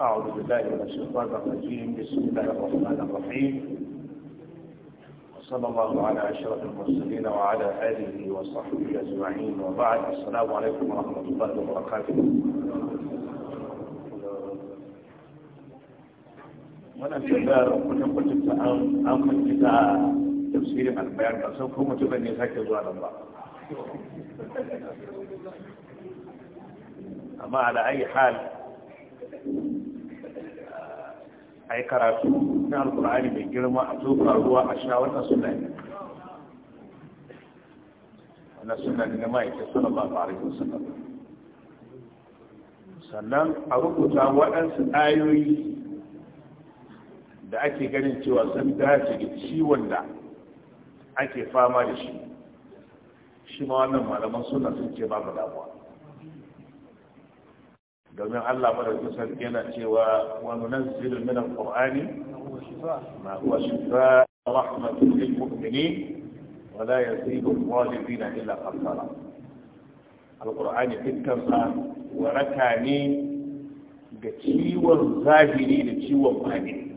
أعوذ بالله من الشيطان الرجيم بسم الله الرحمن الرحيم وصلى الله على أشرف المرسلين وعلى آله وصحبه أجمعين وبعد السلام عليكم ورحمة الله وبركاته wannan tambayar kullum kullum ta an an kwanci ta tafsirin albayar ba sau kuma tuban ne sake zuwa nan ba amma ayi a yi karatu na alkur'ani mai girma a zo ruwa a sha wannan suna ne wannan suna ne na ma'aikin sallallahu alaihi wasallam sannan a rubuta waɗansu ayoyi da ake ganin cewa sun dace da ciwon da ake fama da shi shi ma wannan malaman suna sun ce babu damuwa domin Allah madaukakin sarki yana cewa wa nunazzilu min al-qur'ani ma huwa shifa rahmatun lil mu'minin wa la yazidu al-zalimina illa khasara al-qur'ani dukkan sa waraka ne ga ciwon zahiri da ciwon bani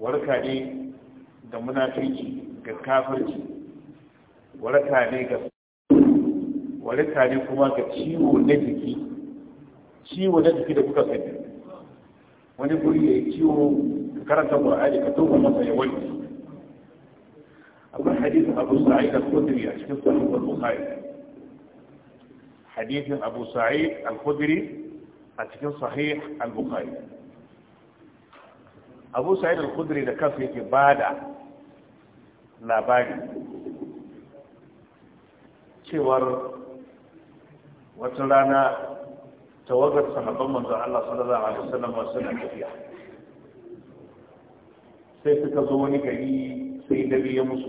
waraka ne ga munafiki ga kafirci waraka ne ga waraka ne kuma ga ciwo na jiki ciwo na jiki da kuka sani wani guri ya yi ciwo ka karanta ƙwararri ka tuba masa ya wani abin hadisun abu sa'id al-khudri a cikin sahih al-bukhari hadisun abu sa'id al-khudri a cikin sahih al-bukhari abu sa'id al-khudri da kansa yake bada labari cewar wata rana tawagar sanabban manzo Allah sallallahu alaihi wasallam suna tafiya sai suka zo wani gari sai da ya musu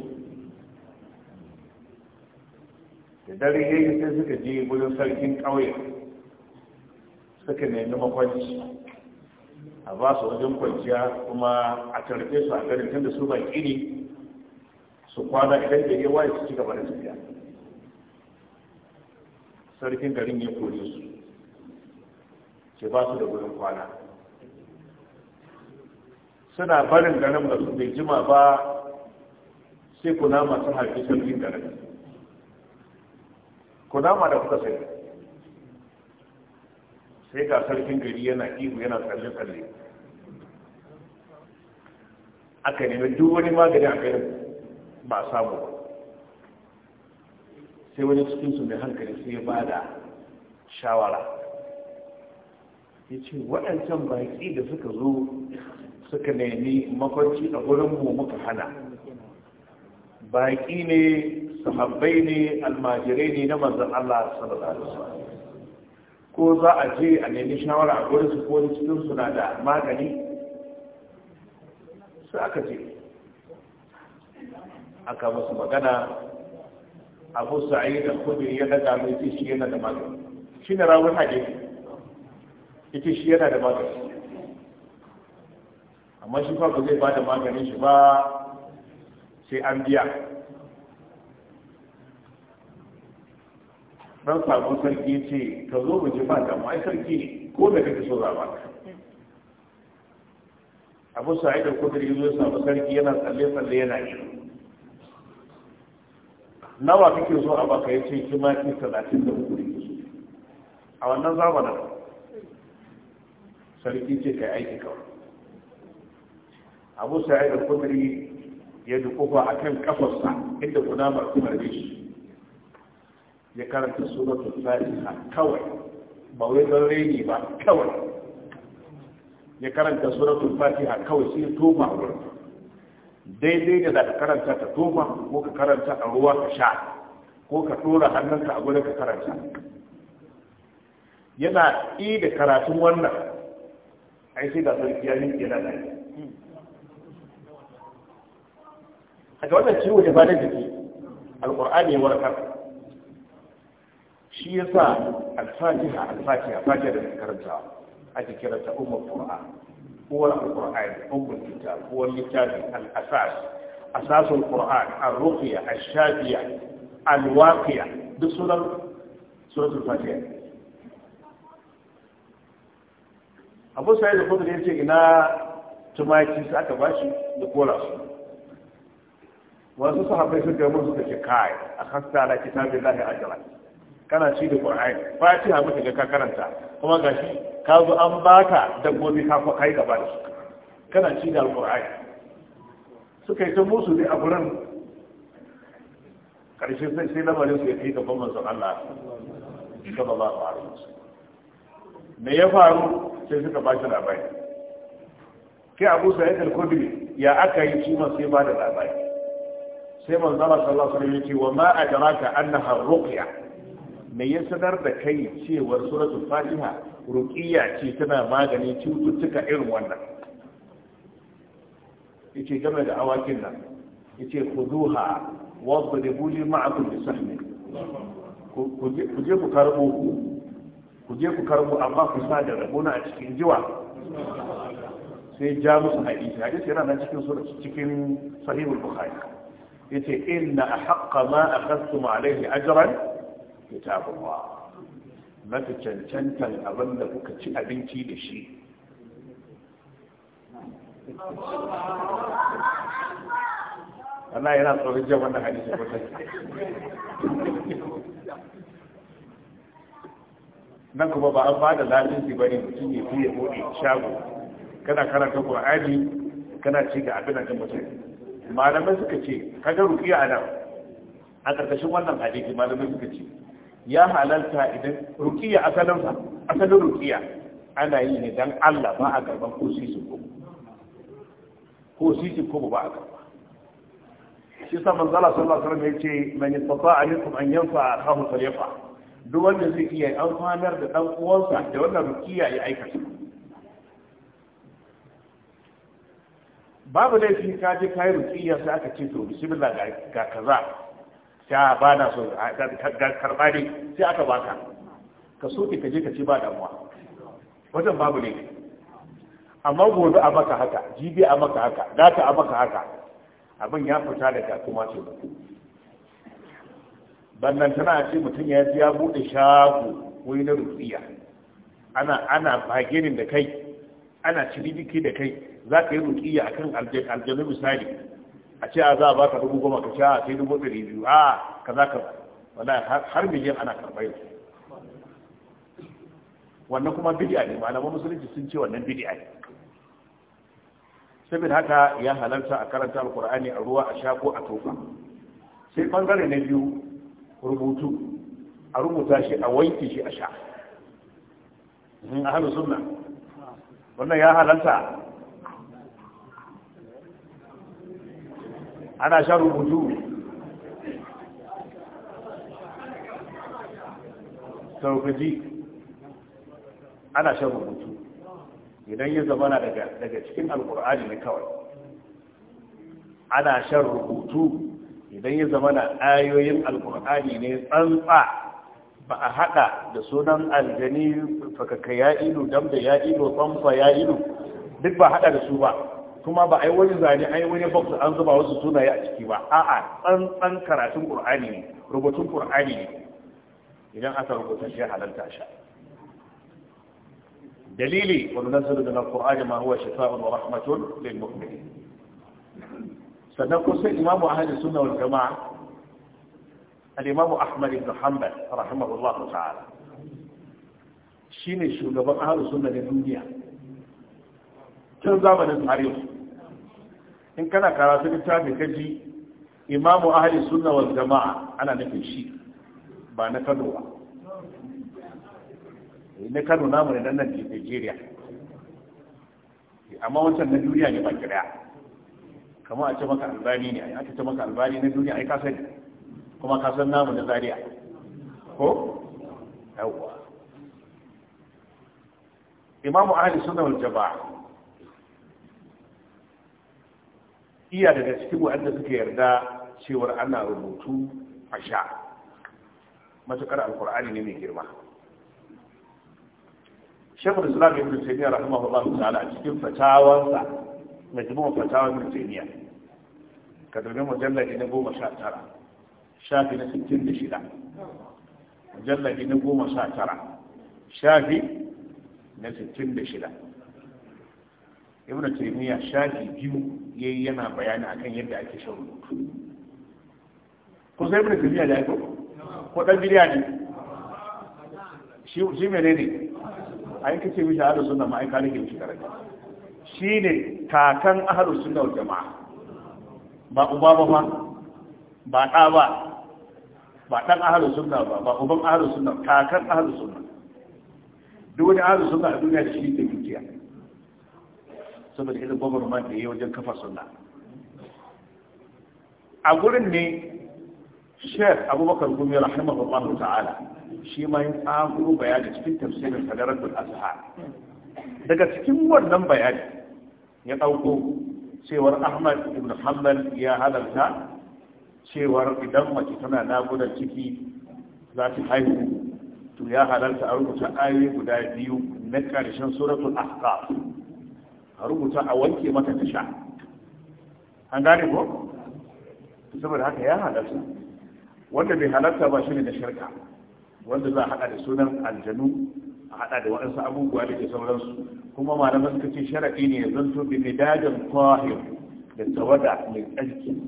da dare ya yi sai suka je wurin sarkin ƙauye suka nemi makwanci a ba su wajen kwanciya kuma a tarfe su a garin tunda su baki ne su kwana idan da yawa su ci gaba da tafiya sarkin garin ya kore su ke ba su da gudun kwana suna barin garin da su bai jima ba sai kuna masu haƙi sarkin garin kuna ma da kuka sai sai ga sarkin gari yana ihu yana tsalle-tsalle aka nemi duk wani magani a garin ba samu ba sai wani cikinsu mai hankali sai ya ba da shawara ya ce waɗancan baƙi da suka zo suka nemi mafarki a gurinmu muka hana baƙi ne sahabbai ne almajirai ne na manzan Allah sallallahu ko za a je a nemi shawara a gurin su ko cikin na da magani su aka je aka musu magana abu sa'id da kudi ya daga mai shi yana da magani shi ne rawun hadisi ita shi yana da magani amma shi fa ba zai ba da maganin shi ba sai an biya dan sabon sarki ce ka zo mu ji ba da mai sarki ko da kake so za ba abu sa'id al-kudri yazo ya samu sarki yana tsalle tsalle yana yi nawa kake so a baka yace kima da hukuri a wannan zamanin sarki ce kai aiki kawai abu sa'id da kudri ya dukufa akan kafarsa inda kunamar kuma da shi ya karanta suratul fatiha kawai ba wai don reni ba kawai ya karanta suratul fatiha kawai sai ya a daidai da za ka karanta ta tofa ko ka karanta a ruwa ka sha ko ka tura hannunka a gurin ka karanta yana i da karatun wannan ai sai ga sarki ya rinke da da a ga wannan ciwo da bada jiki Alƙur'ani ya warkar shi yasa al-fatiha al-fatiha fatiha da karanta ake kiranta Umar qur'an uwar al Umar ummul uwar littafi al-asas asasul qur'an ar-ruqya ash-shafiya al-waqiya duk sunan suratul fatiha abu sai da kudu ya ce ina tumaki su aka bashi da kora su wasu sahabbai sun gama suka take kai a hasta ala kitabin lahi ajra kana ci da qur'ani fatiha muka ga ka karanta kuma gashi ka zo an baka dabbobi ka fa kai gaba da su kana ci da qur'ani suka yi ta musu ne a gurin karshe sai sai lamarin su ya kai gaban manzon Allah sallallahu alaihi wasallam me ya faru sai suka bashi shi labari kai abu sa'id al-khudri ya aka yi shi sai ba da labari sai manzo Allah sallallahu alaihi wasallam ya ce wa ma adraka annaha ruqya me ya sanar da kai cewar suratul fatiha ruqiyya ce tana magani cututtuka irin wannan yace game da awakin nan yace khuduha wadribu li ma'akum bi sahmi ku je ku karbo je ku karbo amma ku sa da rabona a cikin jiwa sai ja musu hadisi hadisi yana nan cikin sura cikin sahihul bukhari yace inna ahqqa ma akhadtum alayhi ajran kitabullah mata cancantan abin da kuka ci abinci da shi Allah yana tsoron jan wannan hadisi ko nan kuma ba an ba da lalinsi ba ne mutum ya fiye buɗe shago kana karanta ƙwa'ani kana ci ga abin da mutum malamai suka ce kaga rukiya a nan a ƙarƙashin wannan hadisi malamai suka ce ya halarta idan rukiya asalinsa asalin rukiya ana yi ne dan Allah ba a karban ko sisin ko ko sisin ko ba a karba shi sa manzala sallallahu alaihi wasallam yace man yastata alaykum an yanfa akahu falyafa duk wanda zai iya amfanar da ɗan uwansa da wannan rukiya ya aikata babu laifi ka je kayi rukiya sai aka ce to bismillah ga kaza ta ah, ba na so ah, ga karba ne sai aka baka ka so ka je ka ce ba damuwa wajen babu laifi amma gobe a maka haka jibi a maka haka data a maka haka abin ya fita daga kuma ce bannan tana ce mutum ya ya buɗe shago wai na rufiya ana ana fagenin da kai ana ciniki da kai za ka yi rukiya kan aljanu misali a ce a za a baka dubu goma ka sha a kai dubu ɗari biyu a ka za ka wala har miliyan ana karɓar wannan kuma bid'a ne malaman musulunci sun ce wannan bid'a ne saboda haka ya halarta a karanta alkur'ani a ruwa a sha ko a toka sai bangare na biyu rubutu a rubuta shi a wanke shi a sha a halin sunna wannan ya halanta ana sha rubutu saukaji ana shan rubutu idan ya zamana daga cikin alkur'ani ne kawai ana shan rubutu idan ya zama na ayoyin alkur'ani ne tsantsa ba a haɗa da sunan aljani fakaka ya ido dam da ya ido tsamfa ya ido duk ba haɗa da su ba kuma ba ai wani zane ai wani su an zuba wasu sunaye a ciki ba a'a tsantsan karatun qur'ani ne rubutun qur'ani ne idan aka rubuta shi halalta sha dalili wa nunazzilu min al ma huwa shifaa'un wa rahmatun lil mu'minin sannan kun sai imamu ahli sunna wal jama'a al-imamu ahmad ibn hanbal rahimahullahu ta'ala ne shugaban ahli sunna na duniya tun zamanin tarihi in kana karatu littafi kaji imamu ahli suna wani jama'a ana nufin shi ba na Kano ba eh, na Kano namu ne nan Najeriya eh, amma wancan na duniya ne ba kira kamar a ce maka albani ne A ce maka albani na duniya ai ka sani kuma ka san namu na zaria ko yawwa imamu ahli sunna wal jamaa iya daga cikin wanda suka yarda cewar ana rubutu a sha matukar alkur'ani ne mai girma shekul islam ibn taymiyyah rahimahullah ta'ala cikin fatawansa majmu'u fatawa ibn taymiya ka dubi mujalladi na goma sha tara shafi na sittin da shida mujalladi na goma sha tara shafi na sittin da shida ibn taymiya shafi biyu ya yi yana bayani akan yadda ake shan rubutu ko sai ibn taymiya da ya ko ɗan bidiya ne shi menene a yankace mishi hada sunna ma'aikata ne ke shi daraja shine kakan ahlus sunna wal jamaa ba uba ba ba ta ba ba ɗan ahlus sunna ba ba uban ahlus sunna kakan ahlus sunna duk wani ahlus sunna a duniya shi ne dukiya saboda irin gwamnati da yi wajen kafa sunna a gurin ne shek abubakar gumi rahimahullah ta'ala shi ma yin tsaguro bayani cikin tafsirin sadarar azhar daga cikin wannan bayani ya ɗauko cewar ahmad ibn hanbal ya halarta cewar idan mace tana nagudan ciki za ta haihu to ya halarta a rubuta ayoyi guda biyu na ƙarshen suratul ahqaf a rubuta a wanke mata ta sha an gane ko saboda haka ya halarta wanda bai halarta ba shi ne da shirka wanda za a haɗa da sunan aljanu a hada da waɗansu abubuwa da ke sauransu kuma malaman suka ce sharaɗi ne to bi midajin tahir da tawada mai tsarki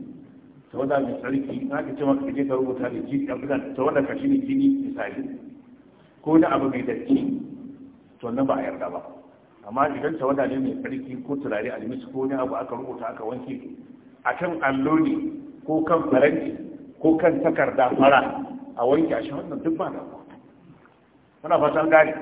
tawada mai tsarki na ka ce maka je ka rubuta da jini abinan tawada ka shine jini misali ko na abu mai datti to nan ba a yarda ba amma idan tawada ne mai tsarki ko turare a almis ko wani abu aka rubuta aka wanke akan allo ne ko kan faranti ko kan takarda fara a wanke a shi wannan duk ba da ba muna fasan gari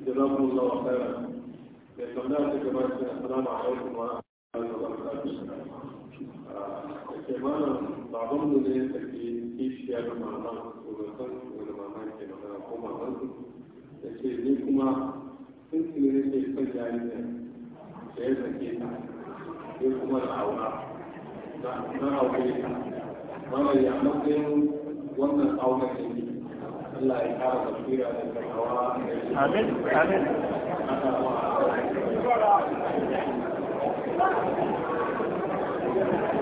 Jenamun Allah wa khairan, ya tambaya ta gabata, kimanin baban mu ne tafi kishiyar mama tsoron da mama ke magana ko maman da ke ni kuma sun su ne ke son jariya da ya sake ta ya kuma da aura na aure ta mana ya matsayin wannan aure ne Allah ya kara basira da karawa amin amin Thank you.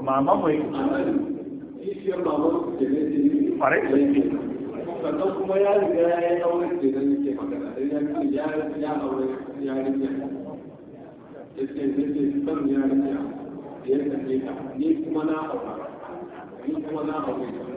mama mai ƙwarai da ke sannan kuma ya riga ya yi aure ke nan ke magana da ya ce ya ya aure ya riga ya ce ya ce son ya riga ya ce ne kuma na aure ni kuma na aure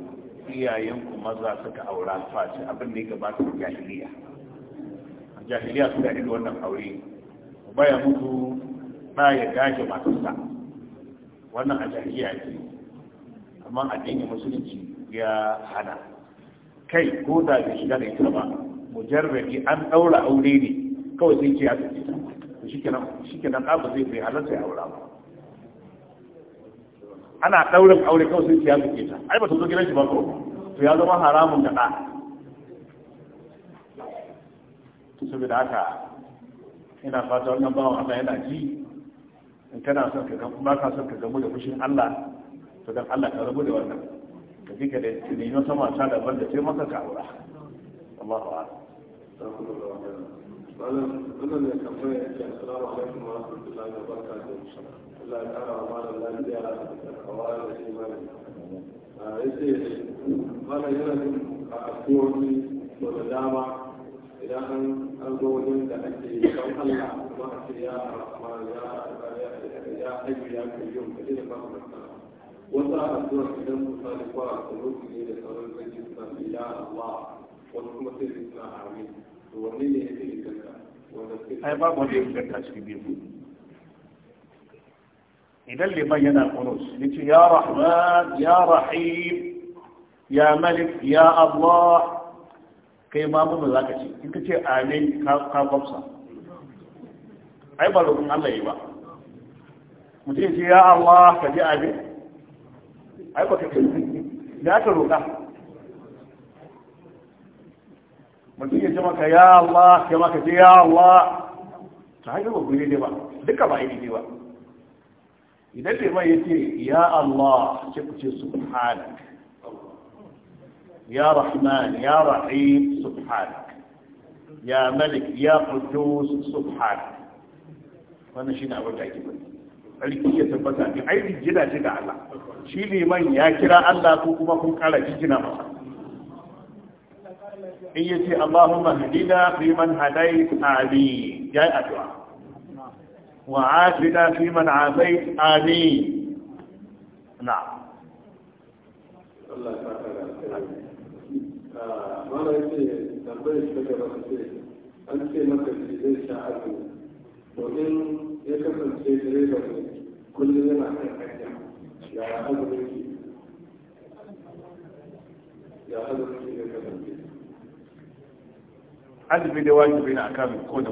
iyayenku maza suka aura face abin da ya gabata jahiliya jahiliya suka yi wannan aure baya mutu na ya gaje matarsa wannan a jahiliya ce amma addinin musulunci ya hana kai ko da bai shiga da ita ba mujarrabi an daura aure ne kawai sai ce ya tafi ta shikenan shikenan abu zai bai halarta ya aura ba ana ɗaurin aure kawai sai ya fice ta ai ba ta zo gidan shi ba ko to ya zama haramun ga ɗa saboda haka ina fata wannan bawan Allah yana ji in kana son ka ba ka son ka gamu da fushin Allah to dan Allah ka rabu da wannan ka ji ka da tunani na sama ta da da sai maka aura Allahu wannan ne kamar yake assalamu alaikum wa rahmatullahi wa barakatuh Allah ya kara wa malam lafiya da kawai da imani yace mana yana da kasuwanci so da dama idan an an zo wajen da ake kan Allah kuma a ce ya rahman ya ya hayyu ya kayyum kaje da babu matsala wasu a kasuwar idan misali ko a kasuwanci ne da sauran zai suna ya Allah wasu kuma sai suna amin to wanne ne yake inganta wanda sai ai babu wanda ya inganta cikin biyu idan liman yana kunus yace ya rahman ya rahim ya malik ya allah kai ma mun za ka ce in ka ce amin ka kwamsa ai ba roƙon allah yi ba mutum ce ya allah ka ji amin ai ba ka ce da aka roƙa mutum ya ce maka ya Allah ya maka ce ya Allah ta hanyar ba gure ne ba duka ba yi ne ba idan liman ya ce ya Allah ce ku ce subhanak ya rahman ya rahim subhanak ya malik ya qudus subhanak wannan shine abin da ake faɗi sarki ya tabbata ne ai rijina ce da Allah shi liman ya kira Allah ko kuma kun kara rijina masa in yace Allahumma hadina fi man hadayt ali ya addu'a وعافنا في من عافيت آمين نعم mana yake tambayar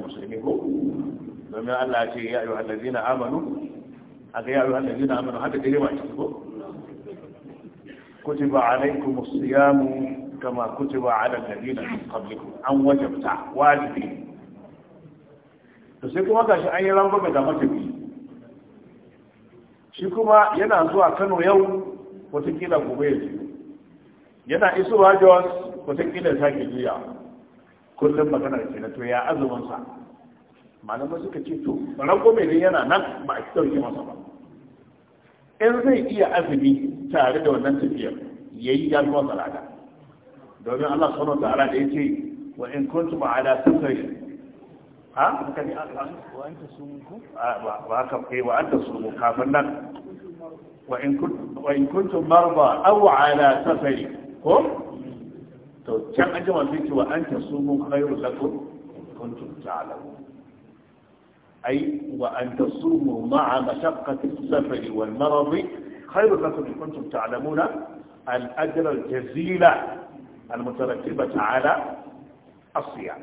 shi domin Allah ce ya yi wa ladina amanu aka ya ayyuhal ladina amanu haka Kuti ba shi ko kutiba alaykumus siyamu kama a nan alladina na qablikum an wajabta wajibi to sai kuma shi an yi mai da matafi shi kuma yana zuwa Kano yau watakila gobe ya ji yana isowa Jos watakila sake juya kullum maganar na to ya azumin sa malamai suka ce to rago mai yana nan ba a sauke masa ba in zai iya azumi tare da wannan tafiyar ya yi ya kuma salata domin Allah subhanahu wa ta'ala da ce, wa in kuntum ala safari ha haka ne wa anta sumuku ba haka kai wa anta sumuku kafin nan wa in kuntum wa in kuntum marda aw ala safari ko to can an jima sai ce wa anta sumuku khairul lakum kuntum ta'lamun أي وأن تصوموا مع مشقة السفر والمرض خير لكم إن كنتم تعلمون الأجر الجزيلة المترتبة على الصيام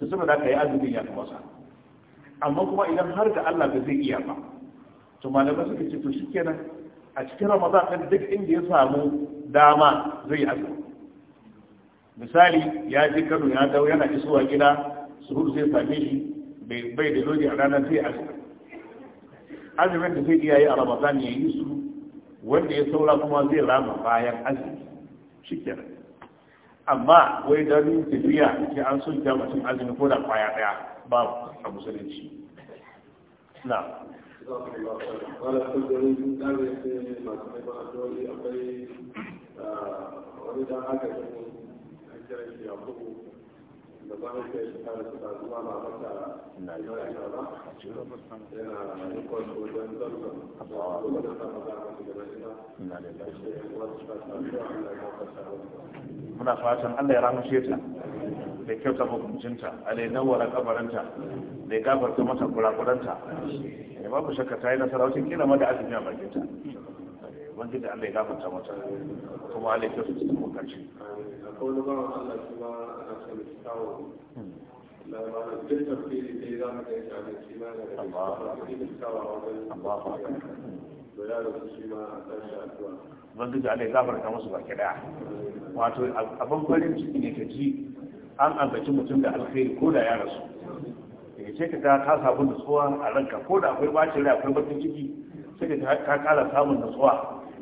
تسمى ذلك يا أجر يا كما صار أما كما إذا هرج الله بذي إياما ثم أنا بس كنت أنا أشكي رمضان كان ذيك إندي يصامو داما زي أجر مثالي يا جي كانوا يا دو يا نكسوا suhur zai same shi bai da zoji a ranar sai azumi azumin da zai iya yi a ramadan ya yi su wanda ya saura kuma zai rama bayan azumi shikenan amma wai don tafiya ke an sun ja mutum azumi ko da kwaya daya ba a musulunci na wani dan haka muna fatan Allah ya ramushe ta da kyauta hukuncinta a da nawara kabarinta da gafarta masa kurakuranta ya babu shakka ta yi nasara kila ma da azumi a bakinta ubangiji Allah ya Allah ya cikin zama da ya shafi shi baki daya wato abin farin ciki ne ka ji an ambaci mutum da alkhairi ko da ya rasu da ce ka ka samu nutsuwa a ranka ko da akwai bacin rai akwai bakin ciki sai ka ka kala samun nutsuwa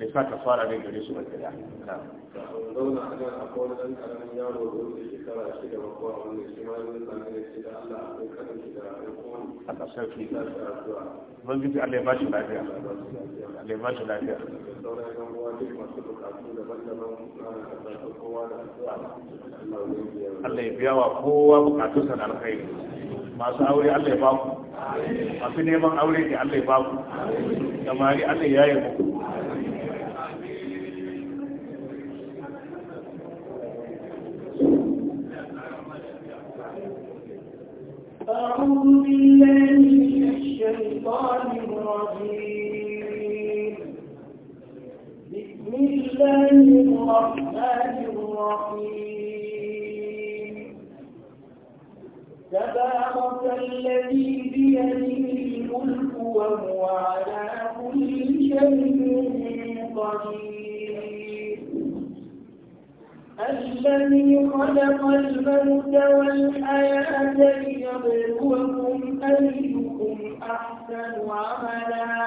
ليس كفارة لجلسوا الكلام نعم لو نحن نقول أن أمنيار وضوء الإشتراك أشتك وقوة من الإجتماع من الإجتماع من الإجتماع من الإجتماع من الإجتماع من الإجتماع أعوذ بالله من الشيطان الرجيم بسم الله الرحمن الرحيم تبارك الذي بيده الملك وهو على كل شيء قدير الذي خلق الموت والحياة ليبلوكم أيكم أحسن عملا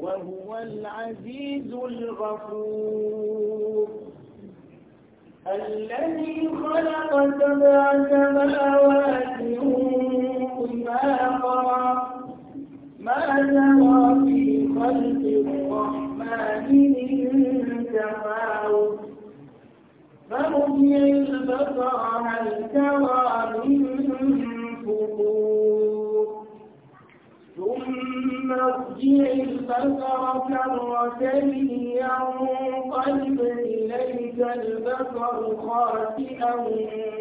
وهو العزيز الغفور الذي خلق سبع سماوات طباقا ما ترى في خلق الرحمن من تفاوت فارجع البصر هل ترى من فطور ثم ارجع البصر كرتين ينقلب إليك البصر خاسئا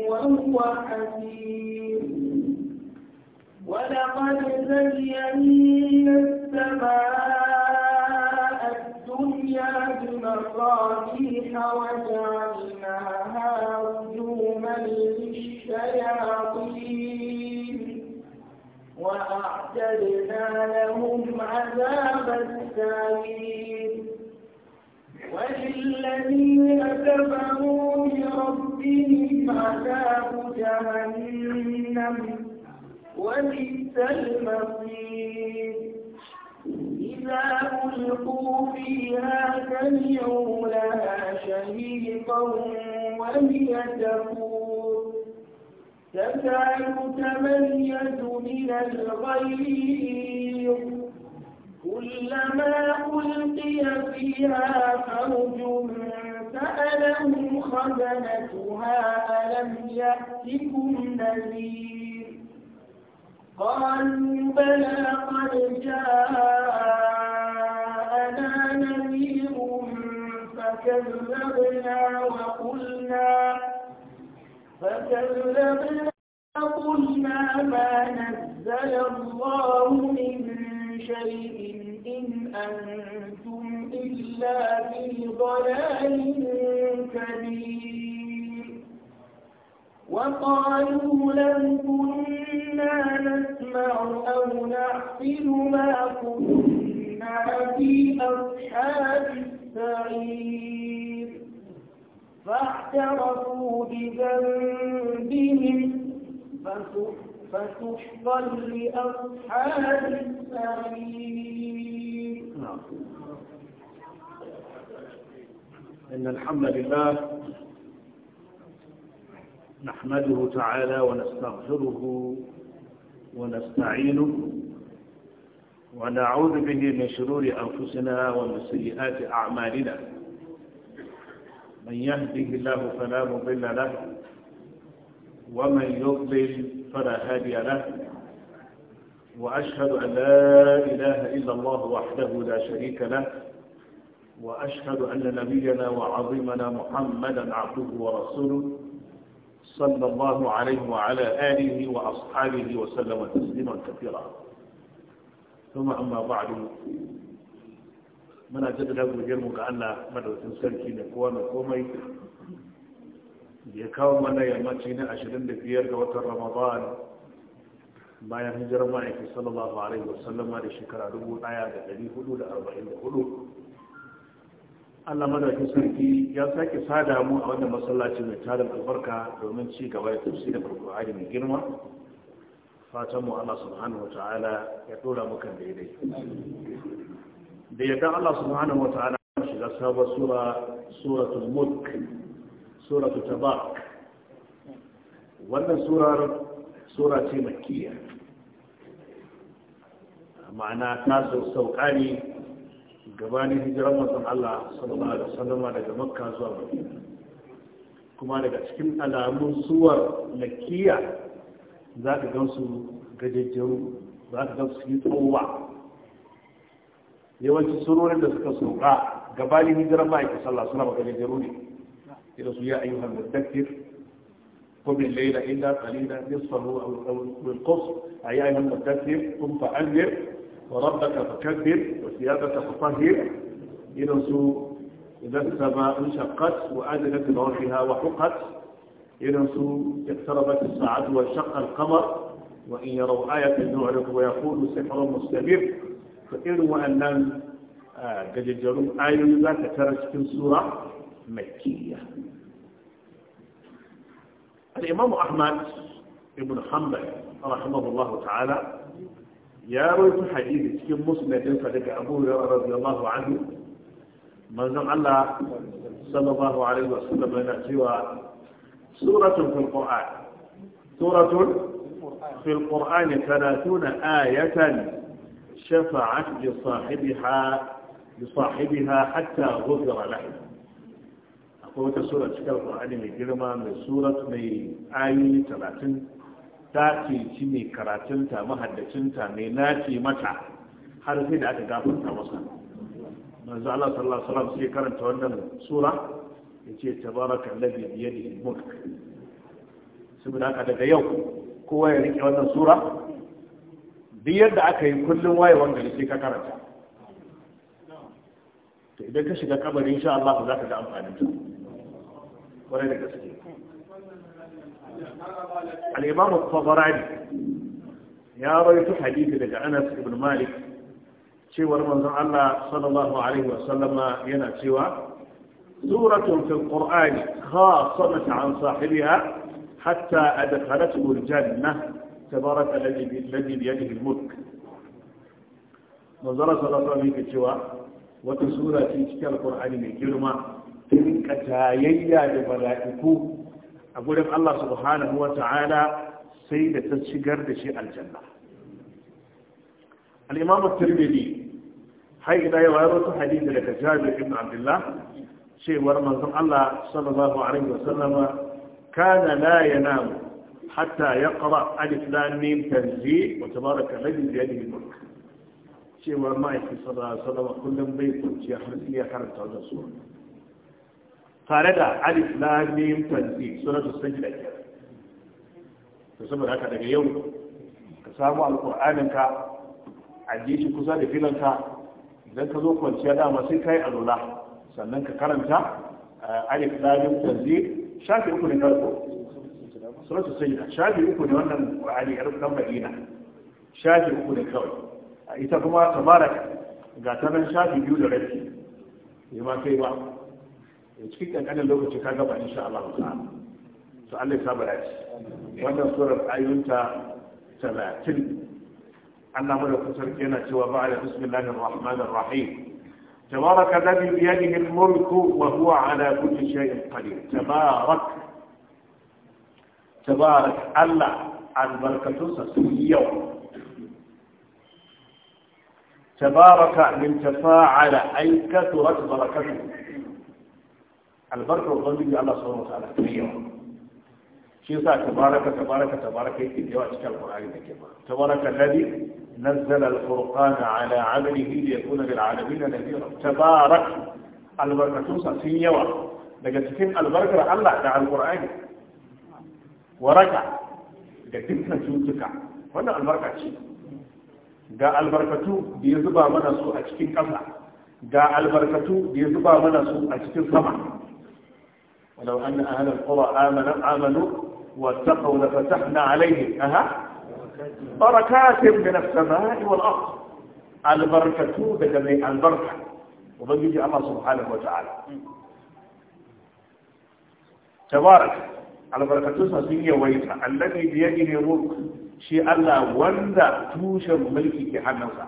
وهو حسير ولقد زينا السماء الدنيا بمصابيح وجعلناها رجوما للشياطين وأعتدنا لهم عذاب السعير وللذين كفروا بربهم عذاب جهنم وبئس المصير فألقوا فيها سمعوا لها شهيقا وهي تفور تسعد تميز من الغيظ كلما ألقي فيها فرج سألهم خزنتها ألم يأتكم نذير قالوا بلى قد جاء فكذبنا وقلنا فكذبنا وقلنا ما نزل الله من شيء إن أنتم إلا في ضلال كبير وقالوا لن كنا نسمع أو نعقل ما كنا في أصحاب السعير فاعترفوا بذنبهم فسحقا لأصحاب السعير نعم. إن الحمد لله نحمده تعالى ونستغفره ونستعينه ونعوذ به من شرور أنفسنا ومن سيئات أعمالنا من يهده الله فلا مضل له ومن يضلل فلا هادي له وأشهد أن لا إله إلا الله وحده لا شريك له وأشهد أن نبينا وعظيمنا محمدا عبده ورسوله صلى الله عليه وعلى آله وأصحابه وسلم تسليما كثيرا ثم أما بعد muna jaddada godiyar mu ga Allah madaukakin sarki da kowa da komai da ya kawo mana yammaci na 25 ga watan Ramadan bayan hijirar ma'aikin sallallahu alaihi wasallam da shekara 1444 Allah madaukakin sarki ya sake sada mu a wannan masallaci mai tarin albarka domin ci gaba da tafsirin Qur'ani mai girma Fatanmu mu Allah subhanahu ta'ala ya dora muka daidai da yadda Allah subhanahu ta'ala shiga sabon sura suratul mulk suratul tabak wannan surar sura ce makkiya ma'ana ta sauka ne gabanin hijirar mazan Allah sallallahu alaihi wasallam daga makka zuwa madina kuma daga cikin alamun suwar makkiya za ka gansu gajejjeru za ka gansu yi tsowa yawanci surorin da suka soka gabanin hijirar ma'aikin sallah suna ba gajejjeru ne ila su ya ayyuhan mudakkir قم الليل إلا قليلا نصفه أو القص أي أيها المدثر قم فأنذر وربك فكبر وثيابك فطهر إذا سوء إذا السماء انشقت وأذنت wa وحقت إذن سوء اقتربت الساعة وشق القمر وإن يروا آية نعرف ويقول سحر مستمر فإن وأن لم تجدوا آية لا تترك سورة مكية الإمام أحمد بن حنبل رحمه الله تعالى يا رويت حديث في مسند فلك أبو هريرة رضي الله عنه من زم صلى الله عليه وسلم أن سورة في القرآن سورة في القرآن ثلاثون آية شفعت لصاحبها لصاحبها حتى غفر له أقول لك سورة في القرآن من جرمة من سورة من آية ثلاثين تاتي تيمي كراتين تا مهدتين تا ميناتي متى حرفين أتقابل تا وصل ما زال الله صلى الله عليه وسلم سيكرا تولى سورة ya ce tabaraka alladhi bi yadihi al-mulk saboda haka daga yau kowa ya rike wannan sura duk yadda aka yi kullum wayewan gari sai ka karanta to idan ka shiga kabari insha Allah za ka ga amfanin ta kwarai da gaske al-imam al-tabarani ya rawaito hadisi daga Anas ibn Malik cewar manzon Allah sallallahu alaihi wa sallama yana cewa سورة في القرآن خاصة عن صاحبها حتى أدخلته الجنة تبارك الذي الذي بيده الملك نظرة صلى الله عليه وسلم وتسورة في القرآن من كلمة من كتايا أقول لك الله سبحانه وتعالى سيدة تشجر بشيء الجنة الإمام الترمذي حيث لا يغيرت حديث لك جابر بن عبد الله cewar manzon Allah sallallahu alaihi wasallama kana la yanamu hatta yaqra alif lam mim tanzi wa tabaraka alladhi bi yadihi mulk cewar ma'aikin sallallahu alaihi wasallama kullum bai kwanciya har sai ya karanta wannan sura tare da alif lam mim tanzi suratu sajda kenan to saboda haka daga yau ka samu alqur'aninka ajiye shi kusa da filanka idan ka zo kwanciya dama sai kai alula sannan ka karanta eh, alif lalin tanzir shafi uku ne farko suratu sayyida shafi uku ne wannan qur'ani yar kan madina shafi uku ne kawai a eh, ita kuma tabarak ga ta nan shafi biyu da rabi bai ma kai ba eh, cikin kankanin lokaci ka gaba insha Allah ta'ala to Allah ya saba dace wannan surar ayyunta 30 Allah madaukar sarki yana cewa ba'ala bismillahir rahmanir rahim تبارك الذي بيده الملك وهو على كل شيء قدير تبارك تبارك الله البركة سسوية تبارك من تفاعل أي كثرت بركته البركة والغنى الله سبحانه وتعالى في يوم shi yasa tabaraka tabaraka tabaraka yake da yawa cikin alqur'ani da ke ba tabaraka alladhi nazzala alqur'ana ala 'abdihi liyakuna lil 'alamin nadhira tabarak albarakatun sa sun yawa daga cikin albarkar Allah da alqur'ani waraka da dukkan cutuka wannan albarka ce ga albarkatu da ya zuba mana su a cikin ƙasa ga albarkatu da ya zuba mana su a cikin sama ولو أن أهل القرى آمنوا آمنوا واتقوا لفتحنا عليهم أها بركات من السماء والأرض البركة بدل البركة وبقيت الله سبحانه وتعالى تبارك على بركة سنية ويتا الذي بيجي روك شيء الله وندا توش الملكي كي حنوسا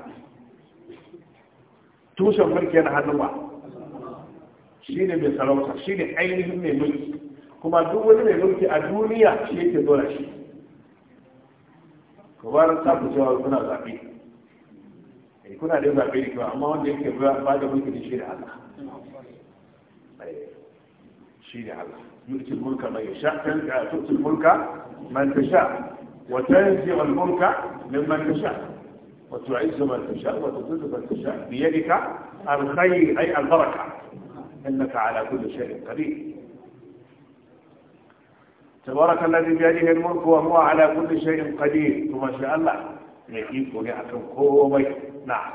توش الملكي أنا حنوسا شيء من سلوسا شيء عينهم من ملكي kuma duk wani mai mulki a duniya shi yake zo shi kamar ta ku cewa kuna zaɓe kuna da zaɓe ne kuma amma wanda yake ba da mulki ne shi da Allah shi da Allah mulki mulka mulka mai ka man يؤتي الملك من يشاء تؤتي الملك من تشاء وتنزع الملك ممن تشاء وتعز من تشاء bi yadika al khayr ay al baraka innaka ala kulli shay'in qadir تبارك الذي بيده الملك وهو على كل شيء قدير ثم شاء الله يكيكم يحكم قومي نعم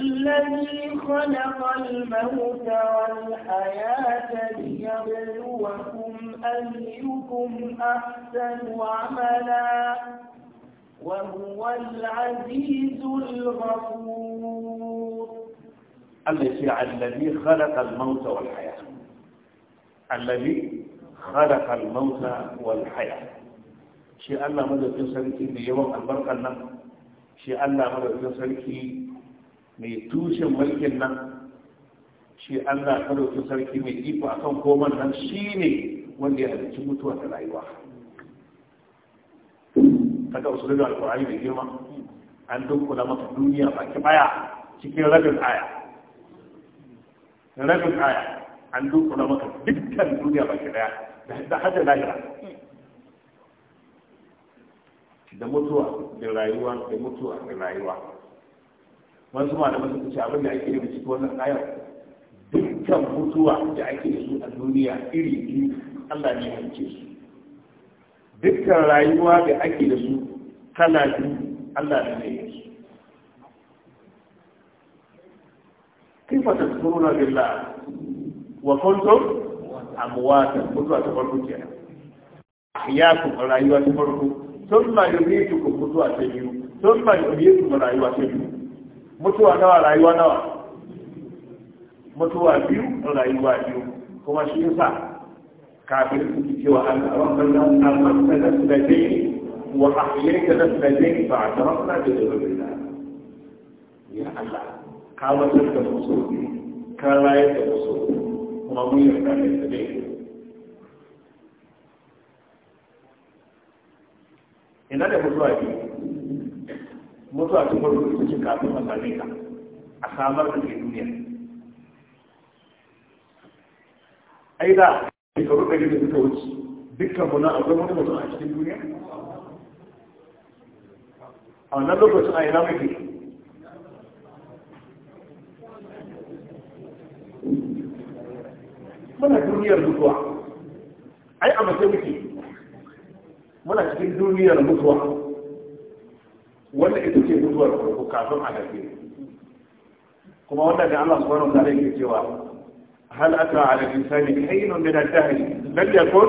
الذي خلق الموت والحياة ليبلوكم أيكم أحسن عملا وهو العزيز الغفور الذي الذي خلق الموت والحياة الذي خلق الموت والحياة شيء الله مدد يسركي بيوم البرق النم شيء الله مدد يسركي ميتوش ملك النم شيء الله مدد يسركي ميتيب وأكون قوما نم شيني wanda ya halarci mutuwa ta kaga usulun alkur'ani mai girma an dunkula maka duniya baki baya cikin rabin aya rabin aya an dunkula maka dukkan duniya baki daya da hajjar lahira da mutuwa da rayuwa da mutuwa da rayuwa wasu da masu ce abin da ake yi cikin wannan ayar dukkan mutuwa da ake su a duniya iri biyu Allah ne hance su dukkan rayuwa da ake da su kala biyu Allah ne ya su kifa taskuruna billah wa kwanton amwatan mutuwa ta farko kenan ahyakum rayuwa ta farko thumma yumitukum mutuwa ta biyu thumma yumitukum rayuwa ta biyu mutuwa nawa rayuwa nawa mutuwa biyu rayuwa biyu kuma shi yasa kafin suke cewa an arambalan almasala sunadaini wa ahyayta na sunadaini ba a tarafna da zarurina ya Allah ka wasar da musu ka rayar da musu kuma mun yarda da ita dai ina da mutuwa ne mutuwa ta farko ita ce kafin a same ka a samar da ke duniya ai da shekaru ɗari da suka wuce dukkan mu na akwai wani mutum a cikin duniya a wannan lokacin a ina muke muna duniyar mutuwa ai a mace muke muna cikin duniyar mutuwa wanda ita ce mutuwar farko kafin a gaske kuma wanda da Allah subhanahu wa ta'ala yake cewa hal ata ala insani haynun min ad-dahr lam yakun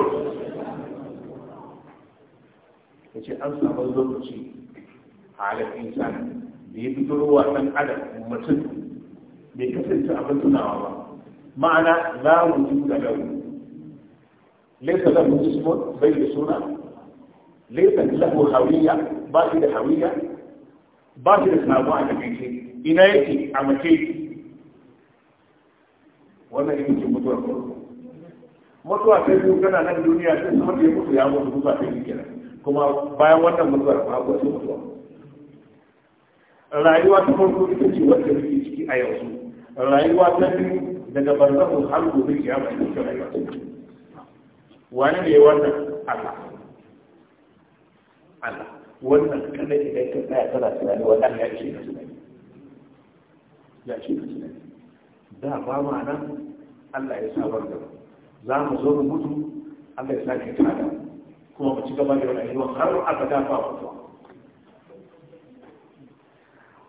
yace an samu lokaci ala insani da ya fito ruwa dan adam mutum bai kasance abin tunawa ba ma'ana da wujuda lahu laysa lahu ismun bai da suna laysa lahu hawiya ba shi da hawiya ba shi da sanabu a takaice ina yake a mace wannan yin ce mutuwar farko mutuwa ta biyu kana nan duniya sai su mutu ya mutu ya mutu mutuwa ta biyu kenan kuma bayan wannan mutuwar ba ku wasu mutuwa rayuwa ta farko ita ce wacce muke ciki a yanzu rayuwa ta biyu daga barzahu har gobe kiyama da suka rayuwa wani ne wannan Allah Allah wannan kada idan ka tsaya kana tunani wannan ya ce ka tunani ya ce ka tunani da ba ma nan Allah ya sabar da za mu zo mu mutu Allah ya sake tada kuma mu ci gaba da rayuwa har abada ba mutuwa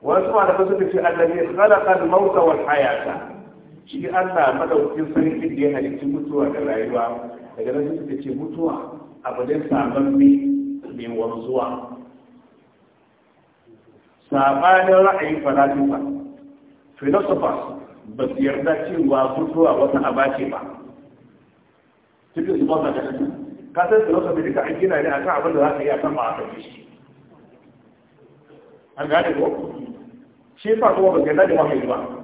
wasu malamai suka ce allazi khalaqa al-mauta wal hayata shi Allah madaukakin sarki da ya halicci mutuwa da rayuwa daga nan suka ce mutuwa abu da saban mai wanzuwa sabanin ra'ayin falasifa philosophers ba su yarda cewa mutuwa wata aba ce ba cikin su ba sa ka san philosophy duka an gina ne akan abin da za ka yi akan ba a kan shi an gane ko shi fa kuma ba yarda da wahayi ba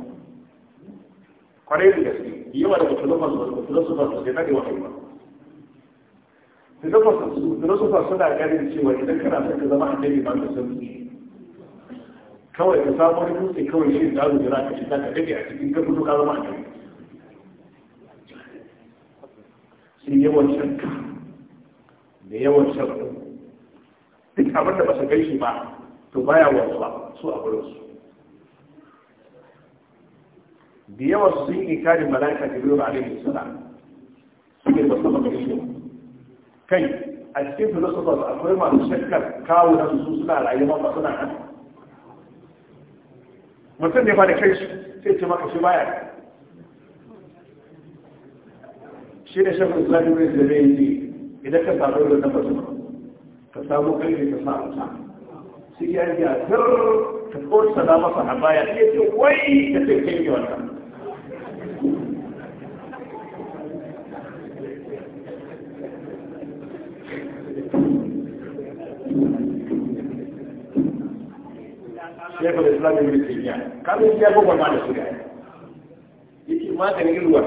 kwarai da gaske yawa da filosofar su sai nade wa haifa filosofar suna ganin cewa idan kana son ka zama annabi ba ka san kawai ka samu wani dutse kawai shi da zuwa ka shiga ka dade a cikin ka fito ka zama annabi sai yawan shakka da yawan shakka duk abin da ba su gaishe ba to baya wasu ba su a gurinsu da yawa su sun inkarin mala'ika jibril alaihi salam suke ba sama ga shi kai a cikin philosophers akwai masu shakkar kawo da su suna rayuwa ba suna nan mutum ne ba da kai sai ce maka shi baya shi da shafin islamin mai zai zai yi idan ka samu da na fasu ka samu kai ka samu sa shi ya yi a zirr ka kowace sana masa a baya ya ce wai da sai kai yi wannan shekul islam ibn taymiya kamin ya da su ga yake maganin ruwa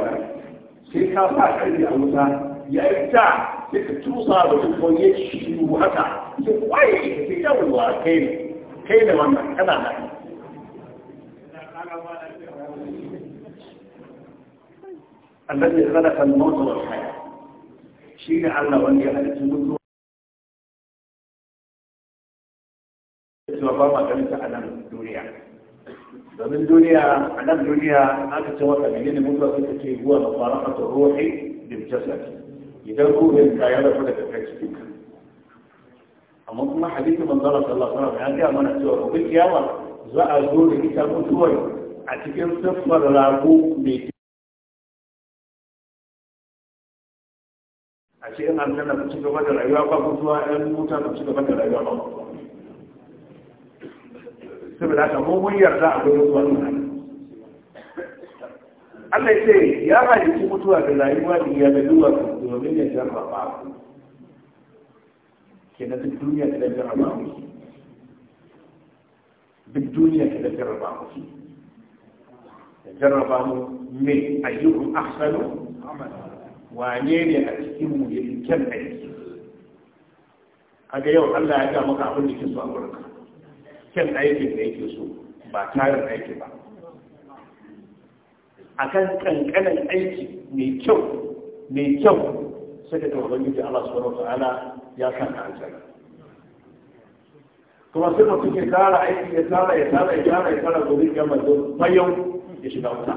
sai ka sa a wuta ya yi ta sai ka tusa da su ko ya ci haka sai kwaye sai yawwa kai ne kai da wannan kana nan الذي خلق الموت والحياة شيء على ولي أهل السنة وقام كنت أنا domin duniya a nan duniya aka ce wata menene mutuwa ta ce zuwa da faramata ruhi da jasad idan ruhin ka ya rabu daga kai cikin ka amma kuma hadisi manzara sallallahu alaihi wasallam ya ga mana cewa gobe kiyama za a zo da ita mutuwar a cikin siffar rago mai a ce in aljanna ku ci gaba da rayuwa ba mutuwa ɗan mutuwa ku ci gaba da rayuwa ba mutuwa saboda haka mu mun yarda a gurin wannan Allah ce ya halitta mutuwa da rayuwa da ya da duwa domin ya jarraba ku ke na duk duniya da jarraba ku duk duniya da jarraba ku ya jarraba mu me ayyukum ahsanu wane ne a cikin mu ya fi kyan aiki a ga yau Allah ya ga maka abin da ke so a wurinka kyan aikin da yake so ba tarin aiki ba a kan kankanin aiki mai kyau mai kyau sai ka taɓa ubangiji Allah subhanahu wa ta'ala ya san ka aljanna kuma sai mutum ya tara aiki ya tara ya tara ya tara ya tara gobe ya mazo bayan ya shiga wuta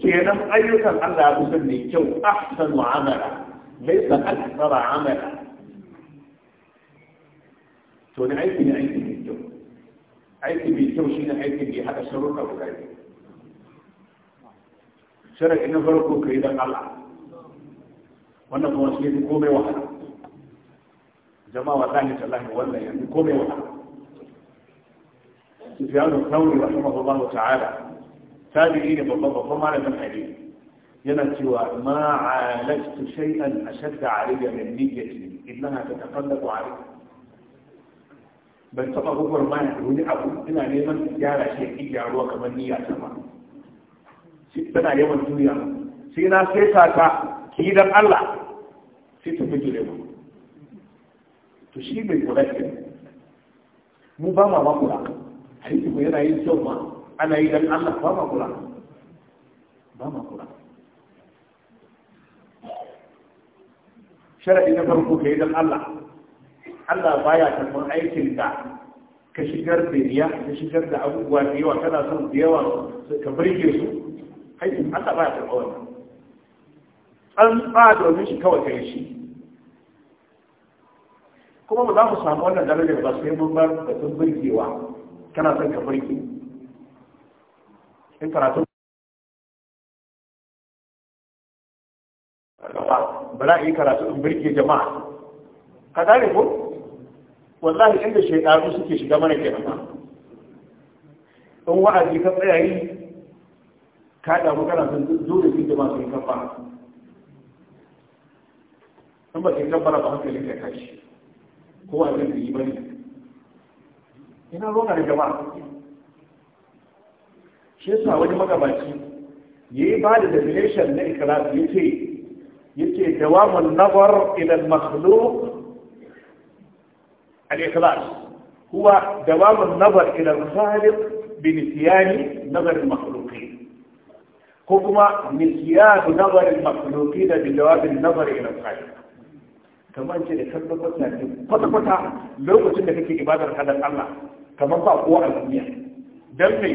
kenan ayyukan Allah ya fi son mai kyau ahsan mu'amala laysa akthara amala to ne aiki ne aiki عيدي بيتوشينا عيدي بي هذا شروط يعني سفيان الثوري رحمه الله تعالى تابعين بالضبط فما لم يحيي ينتوى ما عالجت شيئا أشد علي من نيتي إنها تتقلب عليك ban taɓa gugwar mana da wani abu ina neman gyara shi ya ƙi gyaruwa kamar niyya ta ba tana yawan duniya sai na sai sa ta ki dan Allah sai ta bijire mu to shi bai kula ke mu ba ma kula aiki mu yana yin kyau ma ana yi dan Allah ba ma kula ba ma kula sharadi na farko kai dan Allah Allah baya tafin aikin da ka shigar da riya ka shigar da abubuwa da yawa kana son da yawa ka birge su aikin Allah baya karɓar wannan an ba domin shi kawai kai shi kuma ba za mu samu wannan darajar ba sai mun bar sun birgewa kana son ka birge in karatu yi karatu in birge jama'a ka tare ko wallahi inda shaidanu suke shiga mana kenan ba in wa'azi ka tsaya yi ka damu kana son dole sai jama'a sun kafa in ba yi kafa ba hankali ka kashi ko a zai yi bane ina ruwa da jama'a shi yasa wani magabaci ya yi ba da definition na ikilas ya ce ya ce jawamun nabar ila makhluk الإخلاص هو دوام النظر إلى الخالق بنسيان نظر المخلوقين كما نسيان نظر المخلوقين بجواب النظر إلى الخالق kamar ce da tabbatar na ce kwata-kwata lokacin da kake ibadar hadar Allah kamar ba kowa a duniya don mai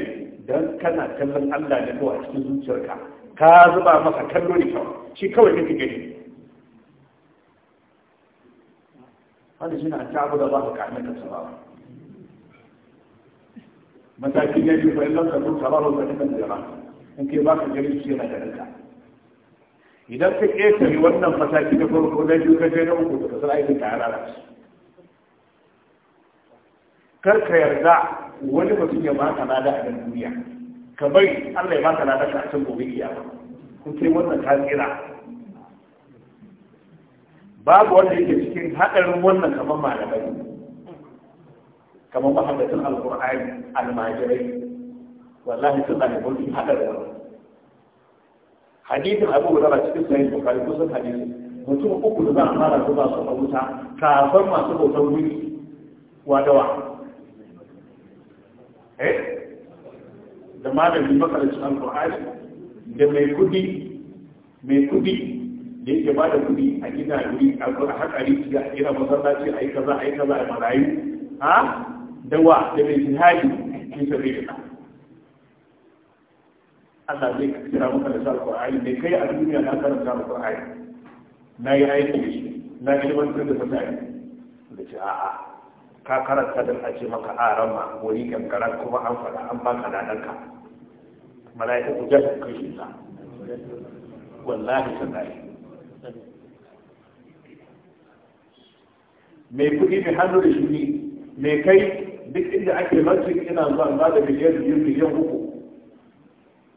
don kana kallon Allah da kawai cikin zuciyarka ka zuba masa kallo ne shi kawai kake gani wanda shi na ta abu da ba ka kame ka saba mataki ya biyu bayan lantar sun saba ba ka kan jira in ke ba ka gari su yana da ranka idan ka yi wannan mataki na farko na biyu ka kai na uku da kasar aikin ka su. kar ka yarda wani mutum ya ka lada a duniya ka bai Allah ya ka lada ka a can gobe kiyama kun kai wannan ka tsira babu wanda yake cikin haɗarin wannan kamar malamai kamar mahaddacin alƙur'ani almajirai wallahi sun da mulki haɗarin wannan hadithin abu da cikin sahih bukhari sun hadisi mutum uku da za a fara zuba su a wuta kafin masu bautan wuri wa dawa eh da malamin makarancin alƙur'ani da mai kudi mai kudi da yake ba da kuɗi a gina wuri a haƙa rijiya a gina masallaci a yi kaza a yi kaza a marayu ha da wa da mai jihadi fi sabilillah Allah zai kira maka da alƙur'ani da kai a duniya na karanta alƙur'ani na yi aiki da shi na kan da mutane da ce a'a ka karanta da a ce maka a ma wani kankara kuma an faɗa an baka ladanka mala'ika ku jashi kai shi sa wallahi sallahi mai kuɗi mai hannu da shi mai kai duk inda ake lantarki ina zuwa ba da miliyan biyu miliyan uku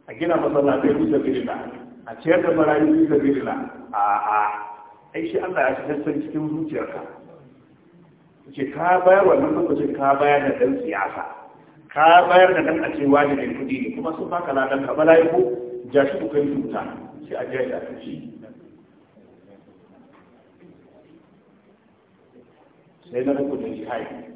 a gina masallatai su da bilila a ciyar da marayu su da bilila a a ai shi Allah ya shigar san cikin zuciyarka ce ka bayar wannan lokacin ka bayar da dan siyasa ka bayar da dan a ce wani mai kuɗi ne kuma sun baka ladan ka bala'i ko jashi ku kai su wuta sai a jiya a shi sai na rukun da jihadi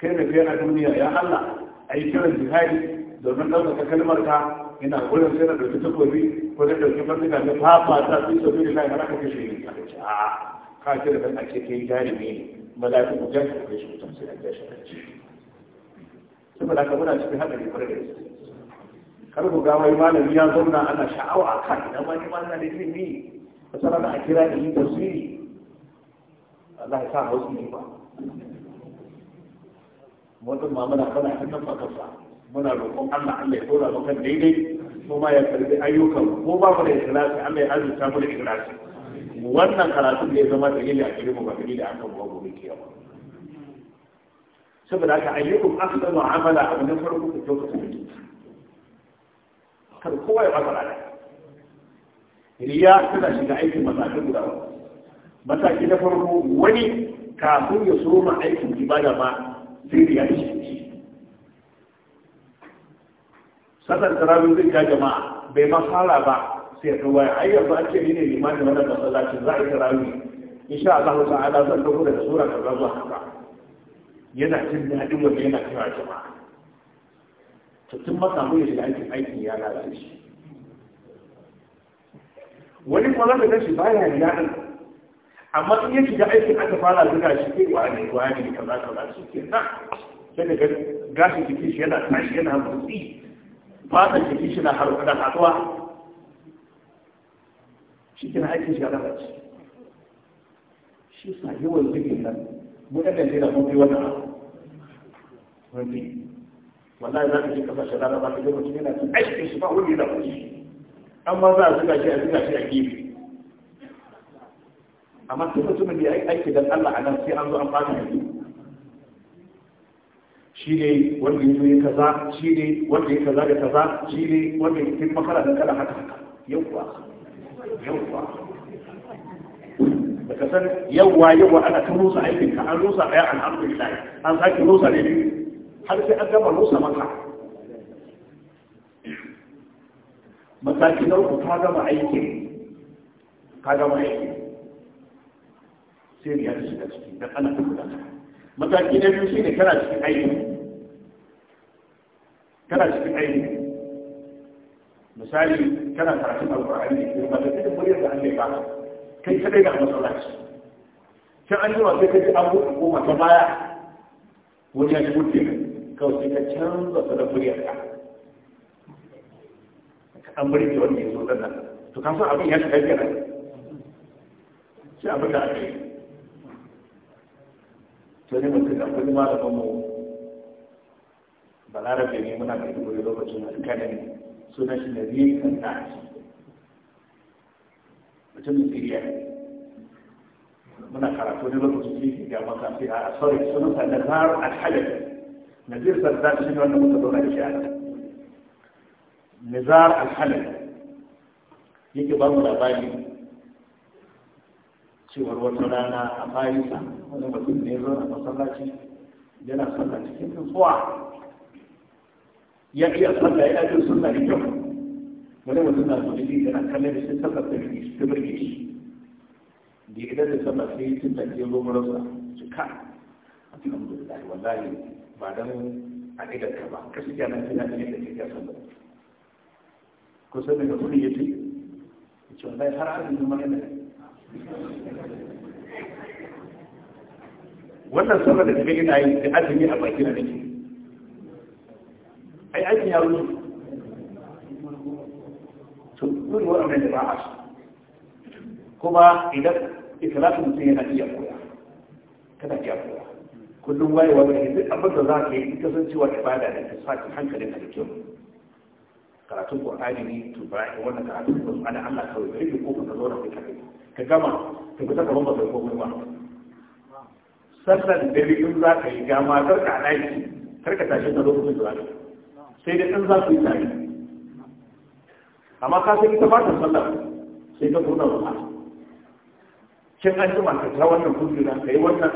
kai da kai a duniya ya Allah a yi kiran jihadi domin ɗaukaka kalmar ka ina gurin sai na ɗauki takobi ko na ɗauki fasika na fafa ta fi sofi da lai na kashe ne a ka ce da kan ake kai jari ne ba za ku kujan ku kashe shi mutum sai a jashi a ci saboda ka muna cikin haɗari kwarai da gaske kar ku ga wai malami ya zauna ana sha'awa a kan idan wani malami ne ne a sanar da a kira da yin tasiri Allah ya sa hausu ne ba mutum ma muna kana hannun tabbatarsa muna roƙon Allah Allah ya tura maka daidai ma ya karbi ayyukan ko ba mu da ikhlasi Allah ya azurta mu da ikhlasi wannan karatun da ya zama dalili a gare mu ba dalili kan mu gobe kiyama saboda haka ayyukum afdalu amala abu na farko kyau ka da kar kowa ya fasa rana riya tana shiga aikin mazaɗin guda ba mataki na farko wani kafin ya so ma aikin ibada ba sai da ya shi Sannan tarawih zai ga jama'a bai ma fara ba sai ya tawaye ai yanzu ake ni ne limanin wannan masallacin za a yi tarawih insha Allah ala zan dauko daga sura ta zuwa haka yana cin daɗin wanda yana kira jama'a to tun ma samu ya shiga aikin aikin ya lalace wani kwallon da shi baya ya amma in ya shiga aikin aka fara zuga shi ke wa ne wa ne kaza kaza shi ke na sai da gashin jiki shi yana tashi yana motsi fata jiki shi na haruka da haɗuwa shi ke na aikin shi ya lalace shi sa yawan zikin nan mu ɗan da mun fi wannan abu wani wallahi za ka ji kasashen ba ka ji shi, yana aikin shi ba wani yana kuɗi amma za a zuga shi a zuga shi a gefe amma sai mutumin da ya yi aiki don Allah a nan sai an zo an fara yi shi ne wanda ya yi kaza shi ne wanda ya kaza da kaza shi ne wanda ya fi makara da kala haka haka yawwa yawwa da kasar yawwa yawwa ana kan rusa aikin ka an rusa ɗaya alhamdulillah an sake rusa ne bi har sai an gama rusa maka mataki na uku ka gama aikin ka gama aikin sai riya ta shiga ciki da ana ta kula mataki na biyu shine kana cikin aiki kana cikin aiki misali kana karatun alƙur'ani ne ba da cikin muryar da Allah ya ba kai kadai ga masallaci sai an yi wa sai kaji an buɗe goma ta baya wani ya ci buɗe kawai sai ka canza salon muryar ka an bari ke wani ya zo nan to kan san abin ya shiga kenan sai abin da ake yi wani mutum da ma da mu balarabe ne muna kai kuri lokacin alkalami sunan shi da biyu kan nashi mutumin siriya muna karatu ne lokacin shi ga maka fi a sorry sunan sa nazar alhalal nazir sarzar shi ne wanda muka zauna da shi a nazar alhalal yake ba mu labari cewar wata rana a bayansa wani mutum ne zo a masallaci yana sallah cikin nutsuwa ya iya sallah ya ajiye sunna da kyau wani mutum na zuwa jiri yana kalli da shi sallah da shi, ta birge shi da idan da sallah sai yi tun da ke zo marasa su ka bulgari wallahi ba dan a idan ka ba kashi kenan cikin da yadda kike sallah kusa da mutum ya ce ce wallahi har azumi magana ne wannan sallar da take ina yi da azumi a bakin da ke ai aiki ya wuce to wa wannan da ba a su kuma idan ikhlasin mutum yana iya koya kada iya koya kullum wayewa ne duk abin da za ka yi ita san cewa ibada da ta sa hankalin ka da kyau karatun qur'ani ne to ba wannan karatun qur'ani Allah kawai kai ko ka zo da kai ka gama ka fita kaman ba ka komai ba da dare in za ka yi gama kar ka aiki kar ka tashi na lokacin da za sai da in za ku yi tare amma ka sai ta ba ta sallar sai ka kuna ba kin an jima ka ta wannan da ka yi wannan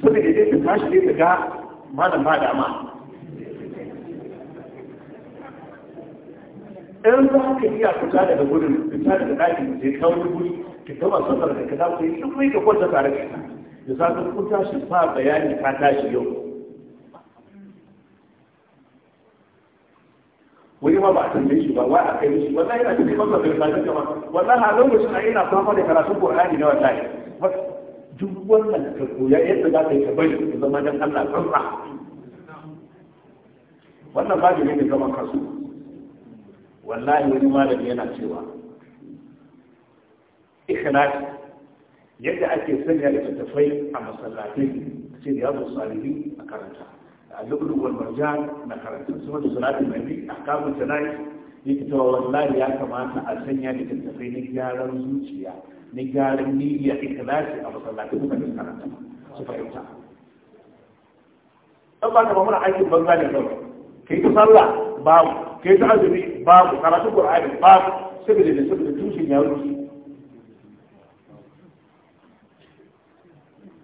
saboda dai ka tashi dai ka ga malam ba dama in za ka iya fita daga gudun fita daga ɗakin sai ka wani guri ki gama sallar da ka za ku yi duk mai ka kwanta tare da ita da zafin kun tashi fa bayani ka tashi yau wani ma ba a tambaye shi ba wai a kai mishi wallahi ina cikin kwanta bai tashi kama wallahi a lokacin a yana fama da karatun Qur'ani na wallahi duk wannan ka koya yadda za ka yi ka bari ka zama dan Allah kansa wannan babu ne da zaman kansu wallahi wani malami yana cewa ikhlasi yadda ake sanya littattafai a masallatai sai da yazo salihi a karanta al-lublu wal marjan na karanta sama da salatin nabi ahkamul janaiz yake cewa wallahi ya kamata a sanya littattafai na gyaran zuciya na gyaran niyya ikhlasi a masallatai kuma da karanta su fahimta dan ba ka ba mana aikin banza ne kawai kai ta sallah babu kai ta azumi babu karatu qur'ani babu saboda da saboda tushen ya wuce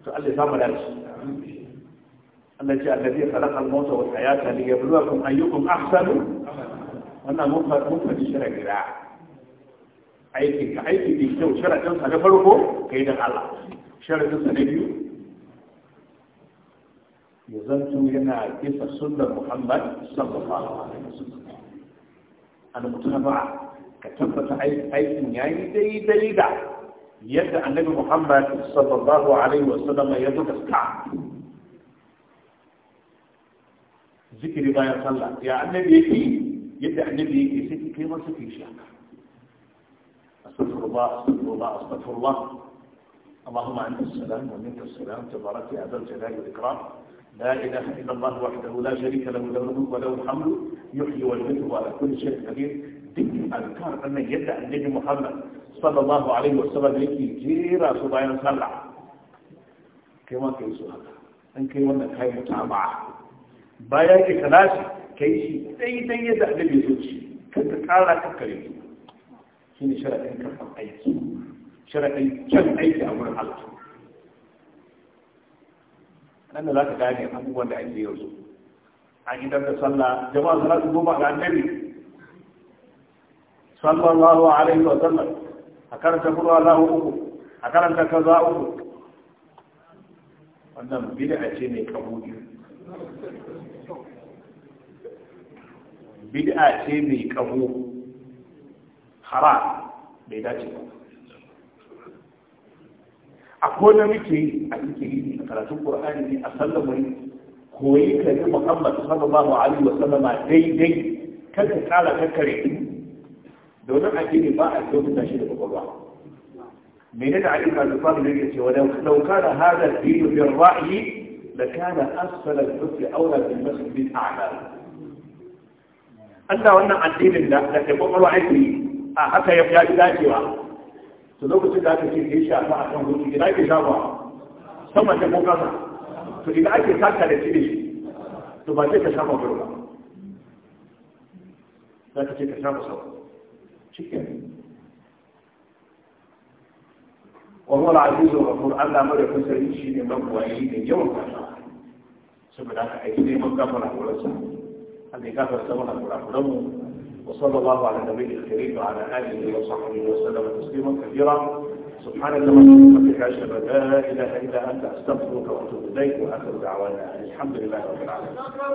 فقال لي درس الذي الذي خلق الموت والحياة ليبلوكم أيكم أحسن وأنا مفهد مفهد شرع جراع أيكي أيكي بيشتو شرع جنسة نفرقه كيدا الله شرع جنسة نبيو يزنتم لنا كيف سنة محمد صلى الله عليه وسلم أنا متنبع كتبت يد النبي محمد صلى الله عليه وسلم يد تسكع ذكر ما يصلى يا النبي يد النبي يسكت كي ما سكي شاك استغفر الله استغفر الله استغفر الله اللهم انت السلام ومنك السلام تبارك يا ذا الجلال والاكرام لا اله الا الله وحده لا شريك له له الملك وله الحمد يحيي ويميت وعلى كل شيء قدير ذكر اذكار ان يد النبي محمد sallallahu alaihi wasallam da yake jera su bayan sallah kai ma kai su haka an kai wannan kai Ba bayan ke kalashi kai shi daidai yadda annabi ya ci kan ka kara kakkare shi ne sharadin karfan aiki sharadin kyan aiki a wurin Allah nan da za ka gane abubuwan da ake yanzu a gidan da sallah jama'a za su goma ga annabi sallallahu alaihi wasallam a karanta kurwa za uku a karanta za uku wannan bid'a ce mai kabuli bid'a ce mai kabu hara mai dace ba a kone muke yi a cikin yi a karatun ƙur'ani ne a sallamai koyi kare muhammad sallallahu alaihi wa sallama daidai kada kala kakkare domin addini ba a kyautata shi da kwakwalwa mene da alim al-fadl ne yace wa law kana da ad-din bi ra'ayi rayi la kana asfala al aura awla bil masjid bil a'la Allah wannan addinin da da kwakwalwa ake a haka ya fi dacewa to lokacin da aka ce ya shafa a kan hutu idan ake shafa sama ta ko kasa to idan ake saka da shi to ba sai ka shafa gurba za ka ce ka shafa sau cikin wa mara azizu wa kuma Allah mara kusurin shi ne magwayi da yawan kasa saboda haka aiki ne mun gafara kurarsa Allah ya وصلى الله على النبي الكريم وعلى اله وصحبه وسلم تسليما كثيرا سبحان الله وبحمدك اشهد ان لا اله الا انت استغفرك واتوب اليك واخر دعوانا الحمد لله رب العالمين